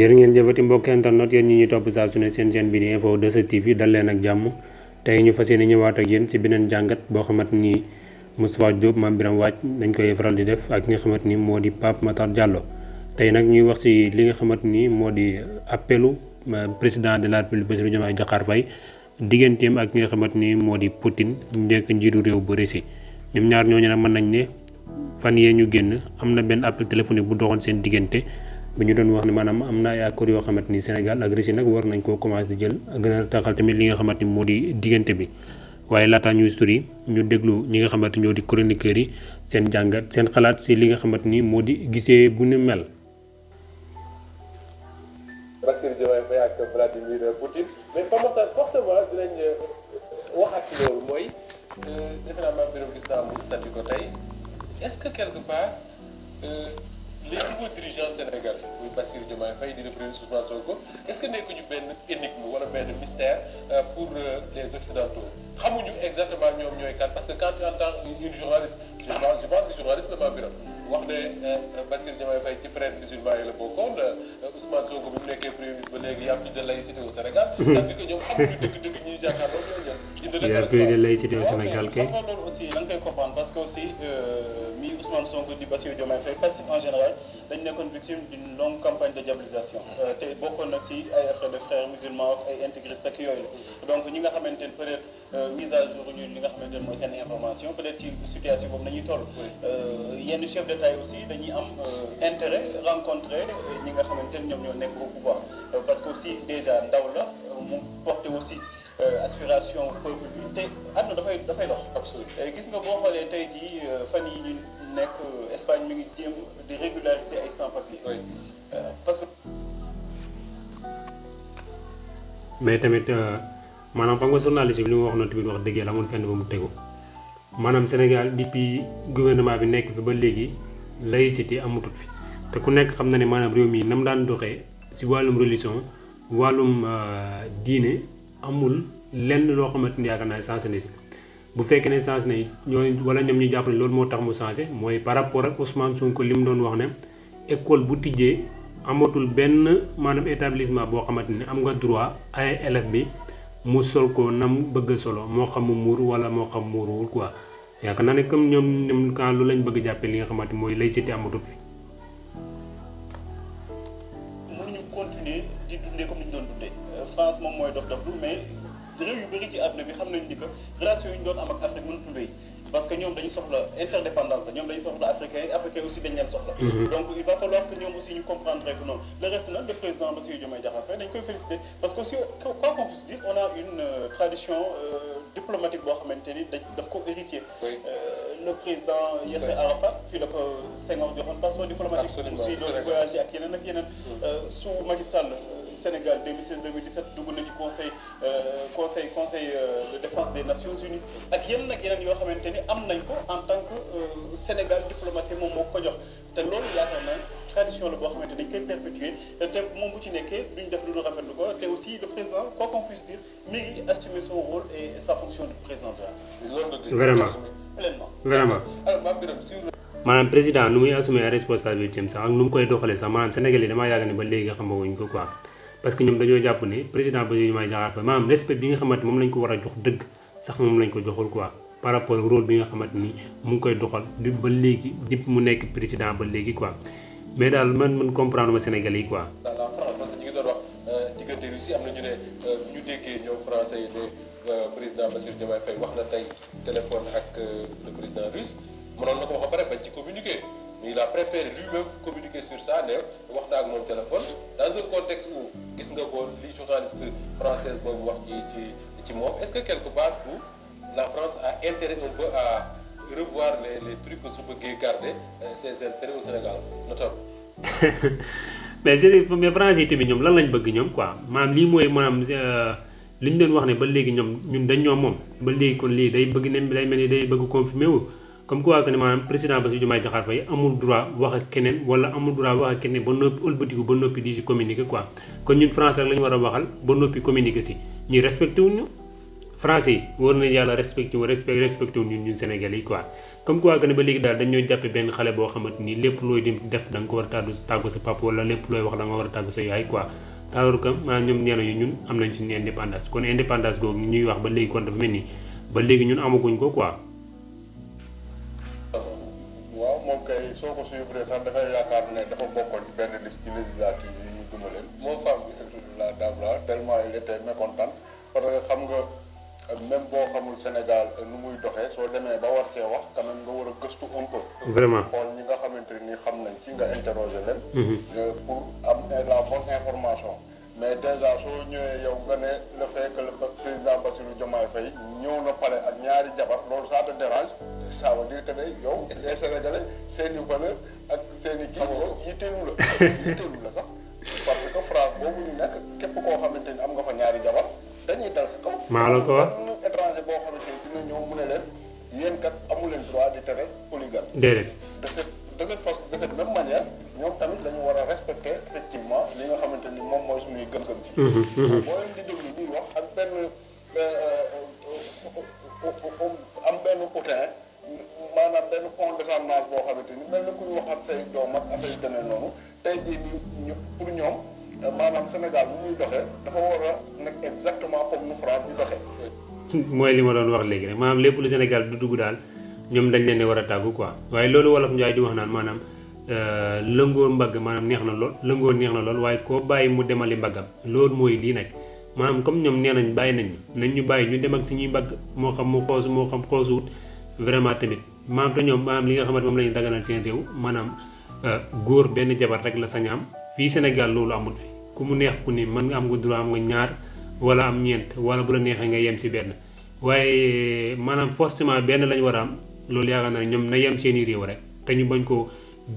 jërë ngeen jëfati mbokk internet yéen ñi ñu topp sa su ne seen seen bi di info 2STV dal leen ak jàmm tey ñu fas yéene ñëwaat ak yéen ci beneen jangat bo xamante ni Moustapha Diop Mame Birame dañ koy faral di def ak ki nga ni di Matar Diallo tey nag ñuy wax ci li nga xamante ni di appelu euh, président de la République Bassirou Diomaye Diakhar Faye digganteem ak ki nga xamante ni di Poutine nekk njiitu réew bu Russie ñoom ñaar ñooñu nag man nañ ne fan yee ñu génn am na appel téléphonique bu doxoon seen diggante bi ñu doon wax ne maanaam am na ay accord yoo xamante ni Sénégal ak Russie nag war nañ ko commencé di jël gën a taxal tamit li nga xamante ni moo di diggante bi waaye laata ñuy sori ñu déglu ñi nga xamante ñoo di kër yi seen jàngat seen xalaat si li nga xamante ni moo di gisee bu ni mel. Euh, euh, ko les nouveaux dirigeants sénégalais le premier Ousmane Sonko est-ce que c'est une énigme wala mystère euh, pour euh, les occidentaux xamuñu exactement parce que quand tu entends une journaliste je pense je pense que journaliste la wax euh, Diomaye Faye ci Ousmane bu premier ministre ba de laïcité au Sénégal que il a de laïcité au Sénégal kay. non loolu aussi da nga koy comprendre parce que aussi euh, mi Ousmane Sonko di Bassirou Diomaye Faye parce que en général dañ nekkoon victime d'une longue campagne de diabolisation euh, te bokkoon na si ay affaire de frères musulmans ak ay intégristes ak yoy donc ñi nga xamantene ne peut être euh, mise à jour ñu li nga xamantene moy mooy seen information peut être ci situation boobu nañuy toll yenn chef d'État aussi dañuy am intérêt rencontrer ñi nga xamantene ñom ñoo nekk au pouvoir parce que aussi déjà ndaw la mu porter aussi euh, aspiration peuple bi te àdduna ah dafay dafay dox. absolument euh, gis nga boo xoolee tey jii euh, fan yi ñu nekk Espagne mi ngi jéem di régulariser ay sans-papiers. parce que. mais tamit maanaam xam nga journaliste bi li mu wax noonu tamit wax dëgg yàlla amul fenn ba mu tegu maanaam Sénégal depuis gouvernement bi nekk fi ba léegi laïcité amutut fi te ku nekk xam na ne maanaam réew mi nam daan doxee si wàllum religion wàllum diine. amul lenn loo xamante ni yaakaar naa changé na si bu fekkee ne changé na ñooñu wala ñoom ñu jàpp ne loolu moo tax mu changé mooy par rapport ak Ousmane Sonko li mu doon wax ne école bu tijjee amatul benn maanaam établissement boo xamante ni am nga droit ay bi mu sol ko na bëgg a solo moo xam mu muur wala moo xam muuruwul quoi yaakaar na ne comme ñoom ñoom quand lu lañ bëgg jàppee li nga xamante mooy laïcité amatul fi mooy dox dox mais réew yu bëri ci àdduna bi xam nañ ni que relation yi ñu doon am ak Afrique mënatul wéy parce que ñoom dañu soxla interdépendance la ñoom dañu soxla africain africain aussi dañu leen soxla. Mhm. donc il va falloir que ñoom aussi ñu comprendre que non le reste nag le président Bassirou Diomaye Diakhar dañ koy féliciter parce que aussi quoi qu'on puisse dire on a une euh, tradition euh, diplomatique boo xamante ni daf ko héritier. Euh, le président Yasser Arafat fii la ko Senghor joxoon passeport diplomatique. absolument aussi doon voyager ak yeneen ak yeneen. Mm. su Macky Sall. Sénégal 2016 2017 dugg na ci conseil euh, conseil conseil euh, de défense des nations unies ak yenn ak yeneen yoo xamante ni am nañ ko en tant que euh, Sénégal diplomatie moom moo ko jox te loolu yaakaar naa tradition la boo xamante dañ koy perpétuer te moom bu ci nekkee duñ def lu ñu rafetlu ko te aussi le président quoi qu'on puisse dire mi ngi assumer son rôle et sa fonction de président de la vraiment pleinement vraiment maanaam président nu muy assumer responsabilité am sax ak nu mu koy doxalee sax maanaam Sénégal yi damaa yàgg ne ba léegi xamawuñ ko quoi parce que ñoom dañoo jàpp ne président Bassirou Diomaye Diakhar Faye maanaam respect bi nga xamante moom lañ ko war a jox dëgg sax moom lañ ko joxul quoi par rapport rôle bi nga xamante ni mu ngi koy doxal di ba léegi di mu nekk président ba léegi quoi mais daal man man comprendre ma Sénégalais yi quoi. dans la France parce que ñu ngi euh, euh, yi ne euh, wax na tey téléphone ak le président russe mënoon na ko wax ba pare bañ ci communiquer. mais il a préféré lui-même communiquer sur ça ne wax naa ak moom téléphone dans un contexte où gis nga ko li journaliste française qui, wax ci ci ci est-ce que quelque part où la France a intérêt un peu à revoir les les trucs que sont bëggee garder euh, ses intérêts au Sénégal notamment. mais c'est mais français yi tamit ñoom lan lañ bëgg ñoom quoi maanaam lii et maanaam euh, li ñu doon wax ne ba léegi ñoom ñun dañ ñoo moom ba léegi kon lii day bëgg day mel ni day bëgg confirmer comme quoi que man ko ne maanaam président Bassirou Diomaye Diakhar Faye amul droit wax ak kenen wala amul droit wax ak keneen ba noppi ëlbatiku ba nopi di ci communiquer quoi kon ñun français rek wara waxal ba nopi communiquer ci ñi respecté wuñu français yi war na yalla respecté wu respect respecté wuñ ñun ñun sénégalais quoi comme quoi que ne ba léegi dal dañ ñoo jappé ben xalé bo xamanteni lepp loy dem def dang ko wara tagu tàggu tàggu sa papa wala lepp loy wax dang nga war a tàggu sa yaay quoi alors que ma ñom nee yu ñun am nañ ci indépendance kon indépendance googu ñuy wax ba légui kon dafa melni ba légui ñun amaguñ ko quoi soo ko suivre sax dafay yaakaar ne dafa bokkoon ci benn liste ci législative yi ñu gëm a leen moom femme bi était la Dabla tellement il était mécontent parce que xam nga même boo xamul Sénégal nu muy doxee soo demee ba war cee wax quand même nga war a gëstu un peu. xool ñi nga xamante ni xam nañ ci nga interroger leen. Mhm. Euh, pour am la bonne information. mais déjà soo ñëwee yow nga ne le fait que le président Bassirou Diomaye Faye ñëw na pare ak ñaari jabar loolu ça te ça veut dire que yow les seen i valeur ak seen i yitteelu la yitteelu la sax parce que France boobu ñu nekk képp koo xamante ni am nga fa ñaari jabar dañuy dal sa kaw maa la ko wax étranger boo xamante ni mu ne leen yéen kat amu leen di tere polygame déedéet de cette de cette façon de cette même manière ñoom tamit dañu war a respecter effectivement li nga xamante ni moom mooy suñuy gën gëm fii boo leen di déglu ñuy wax ak benn euh, euh, euh, am benn outin maanaam benn mooy li ma doon wax léegi rek maanaam lépp lu Sénégal du dugg daal ñoom dañ leen ne war a tàggu ko waaye loolu wolof Njaay di wax naan maanaam euh, lëngoo mbagg maanaam neex na lool lëngoo neex na lool waaye koo bàyyi mu demali mbaggam loolu mooy lii nag maanaam comme ñoom nee nañ bàyyi nañ nañ ñu bàyyi ñu dem ak suñuy mbagg moo xam mu xoos moo xam xoos wut vraiment tamit maam te ñoom maam li nga xamante moom la ñu daganal seen réew maanaam euh, góor benn jabar rek la sañ am fii Sénégal loolu amul fi ku mu neex ku ne mën nga am nga droit am nga ñaar wala am ñeent wala bu la neexee nga yem si benn waaye euh, maanaam forcément benn lañ war a am loolu yaakaar naa ñoom na yem seeni réew rek te ñu bañ koo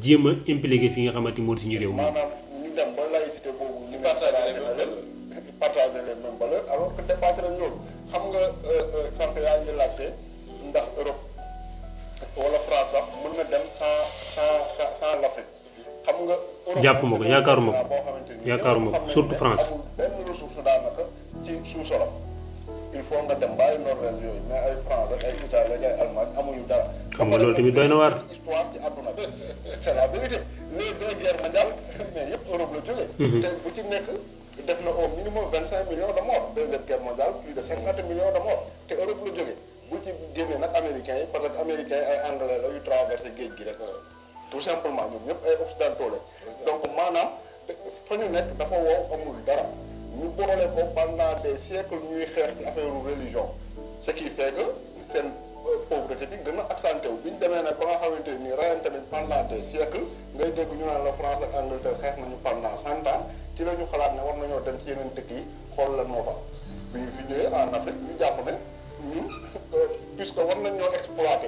jéem a impliqué fi nga xamante moo di suñu réew moom jàppuma ko yaakaaruma ko yaakaaruma ko surtout France. xam nga loolu tamit doy na waar. Mhm. bu ci nekk def na au minimum vingt cinq millions de morts deuxième guerre mondiale plus de cinquante millions de morts te Europe la jógee bu ci génnee nag américains yi parce que américains yi ay anglais la yu traversé géej gi rek. tout simplement nous ñëpp ay occidentaux donc maanaam nous ñu dafa amul dara ñu ko pendant des siècles ñuy affaire religion ce qui fait que seen pauvreté bi nous a accentué pendant des siècles nous la France ak Angleterre pendant 100 ans ci ci yi en Afrique ñu euh, puisque exploité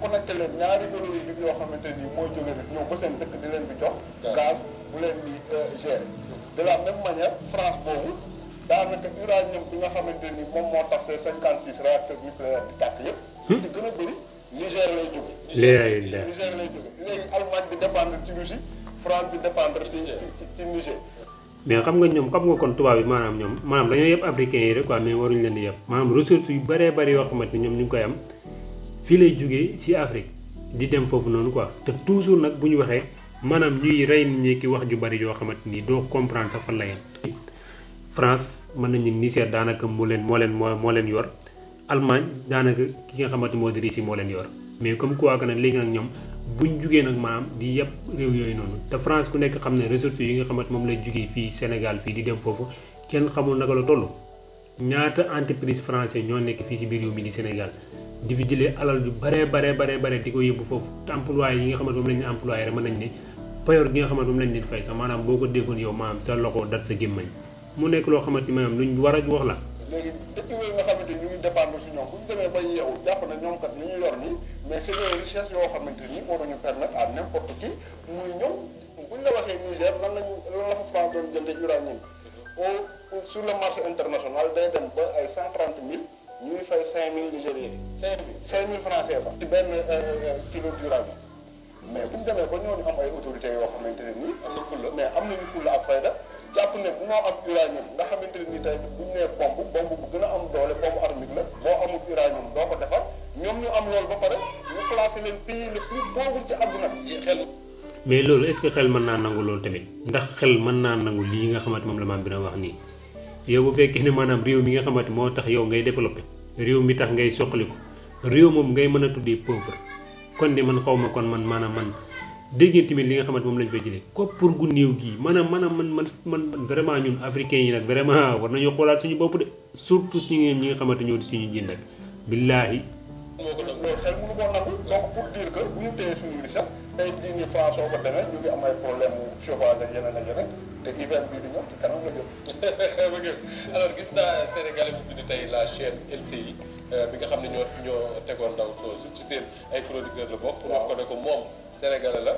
connecté leen ñaari euro yi ñun yoo xamante ni mooy jóge rek ñëw ba seen dëkk di leen bi jox. gaz bu leen di euh, gérer. de la même manière France boobu daanaka uranium bi nga xamante ni moom moo tax ces 56 réacteurs nucléaires di tàkk yëpp. Hmm? ci gën a bëri Niger lay jóge. Niger lay jóge léegi Allemagne di dépendre ci Russie France di dépendre ci Niger. mais xam nga ñoom xam nga kon tubaab yi maanaam ñoom maanaam dañoo yëpp africains yi rek quoi mais waruñu leen di yëpp maanaam yu bëree bëri yoo xamante ni ñu ngi koy fi lay jógee ci Afrique di dem foofu noonu quoi te toujours nag bu ñu waxee maanaam ñuy rey ñi ki wax ju bari yoo xamante ni doo comprendre sa fan la yem France mën nañu dana daanaka moo leen moo leen moo leen yor Allemagne daanaka ki nga xamante moo di Russie moo leen yor mais comme quoi que nag léegi nag ñoom buñ jugee nag maanaam di yëpp réew yooyu noonu te France ku nekk xam ne ressources yi nga xamante moom lay jugee fii Sénégal fii di dem foofu kenn xamul naka la toll ñaata entreprise français ñoo nekk fii ci biir réew mi di Sénégal di fi alal yu baree baree bare di ko yóbbu foofu te yi nga xamante moom lañ ne employé rek maanaam boo ko déggoon yow maanaam sa loxo dat sa gémmañ mu nekk loo xamante ni maanaam luñ war a wax la léegi dëkk yooyu nga xamante ñu ngi dépendre si ñoom bu ñu demee bay yeewu jàpp na ñoom kat li ñu yor nii mais c'est des richesses yoo xamante ni moo dañu permettre à n'importe muy ñëw bu ñu la waxee Niger lan lañu lan la fa France doon jëndee uranium au sur le marché international day dem ba ay 130 mille ñu ngi fay cinq mille nigériens. cinq mille cinq mille francs CFA. ci benn euh, euh, kilo durable mais bu ñu demee ba ñooñu am ay autorités yoo xamante ne nii. am na fulla mais am nañu fulla ak fayda jàpp ne bu ñoo am uranium nga xamante ne nii tey bu ñu bomb bu gën a am doole bomb atomique la boo amul uranium doo ko defar ñoom ñu am loolu ba pare ñu placé leen pays le plus pauvre ci àdduna bi xel. mais loolu est-ce que xel mën naa nangu loolu tamit ndax xel mën naa nangu lii nga xamante moom la maam bi na wax nii. yow bu fekkee ne maanaam réew mi nga xamante moo tax yow ngay développé réew mi tax ngay soqaliku réew moom ngay mën a tuddee pauvre kon de man xaw ma kon man maanaam man dégg ngeen tamit li nga xamante moom lañ fa jëlee koppar gu néew gii maanaam maanaam man man man vraiment ñun africains yi nag vraiment war nañoo xoolaat suñu bopp de surtout suñu ñi nga xamante ñoo di suñu jii nag billaahi donc pour dire que bu ñu téyee suñu richesse tey jii nii France soo ko demee ñu ngi am ay problème mu chauffage ak yeneen ak yeneen te hiver bii di ñëw ci kanam la jëm. alors gis naa Sénégalais bu bind tey la chaîne LCI euh, bi nga xam ne ñoo ñoo tegoon ndaw soosu ci seen ay chroniqueur la ko moom Sénégalais la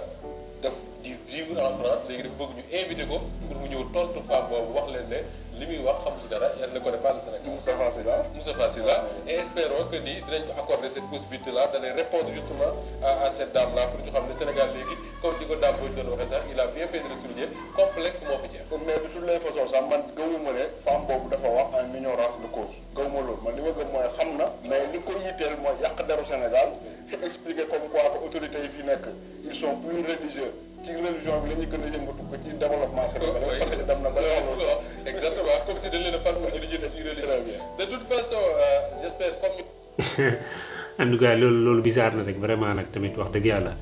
daf di vivre en France léegi daf bëgg ñu invité ko pour mu ñëw tontu femme boobu wax leen li muy wax xam. dara yal ne ko pas le Sénégal. Moustapha Sylla Moustapha Sylla et espérons que ni dinañ ko accorder cette possibilité là d'aller répondre justement à cette dame là pour ñu xam ne Sénégal léegi comme ni ko Dame Mbodj doon waxee sax il a bien fait de le souligner complexe moo fi jeex. mais de toutes les façons sax man gëmuma ne femme boobu dafa wax en ignorance de cause gëmuma loolu man li ma gëm mooy xam na mais li ko yitteel mooy yàq deru Sénégal expliquer comme quoi que autorités yi fi nekk ils sont plus religieux. ci religion bi la en tout cas loolu loolu bizarre na rek vraiment nag tamit wax dëgg yàlla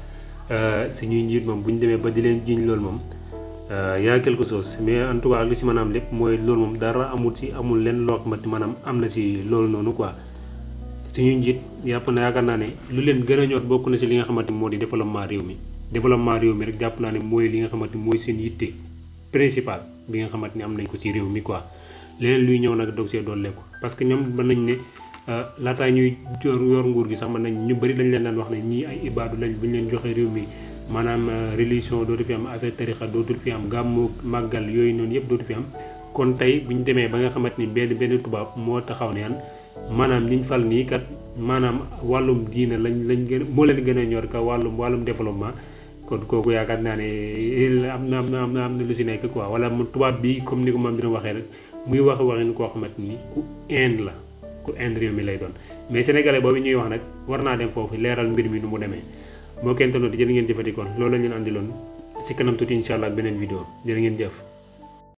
euh, suñuy njiit moom bu ñu demee ba di leen jiiñ loolu moom euh, yaa quelque chose mais en tout cas lu si manaam lépp mooy loolu moom dara amul si amul lenn loo xamante maanaam am na si loolu noonu si suñuy njiit yàpp na yaakaar naa ne lu leen gën a ñor bokk na si li nga xamante moo di développement réew mi développement réew mi rek jàpp naa ne mooy li nga xamante mooy seen yitte principal bi nga xamante ni am nañ ko ci réew mi quoi leneen luy ñëw nag dog see doole ko parce que ñoom ba nañ ne euh, laataa ñuy jor yor nguur gi sax mën nañ ñu bari dañ leen daan wax ne ñii ay ibadu lañ bu ñu leen joxee réew mi maanaam euh, religion dootu fi am affaire tarixa dootul fi am gàmmu màggal yooyu noonu yëpp dootu fi am kon tey buñ ñu demee ba nga xamante ni benn benn tubaab moo taxaw ne yan maanaam liñ fal nii kat maanaam wàllum diina lañ lañ gën moo leen gën a ñor ka wàllum wàllum développement kon kooku yaakaar naa ne am na am na am na am na lu si nekk quoi wala mu tubaab bi comme ni ko maam bi doon waxee rek muy wax waxin koo xamante ni ku ind la ku ind réew mi lay doon mais sénégalais boobu ñuy wax nag war naa dem foofu leeral mbir mi nu mu demee moo kenn tolloon di jërë ngeen jëfandikoon loolu la ñu leen andiloon si kanam tuuti incha allah beneen vidéo jërë ngeen jëf.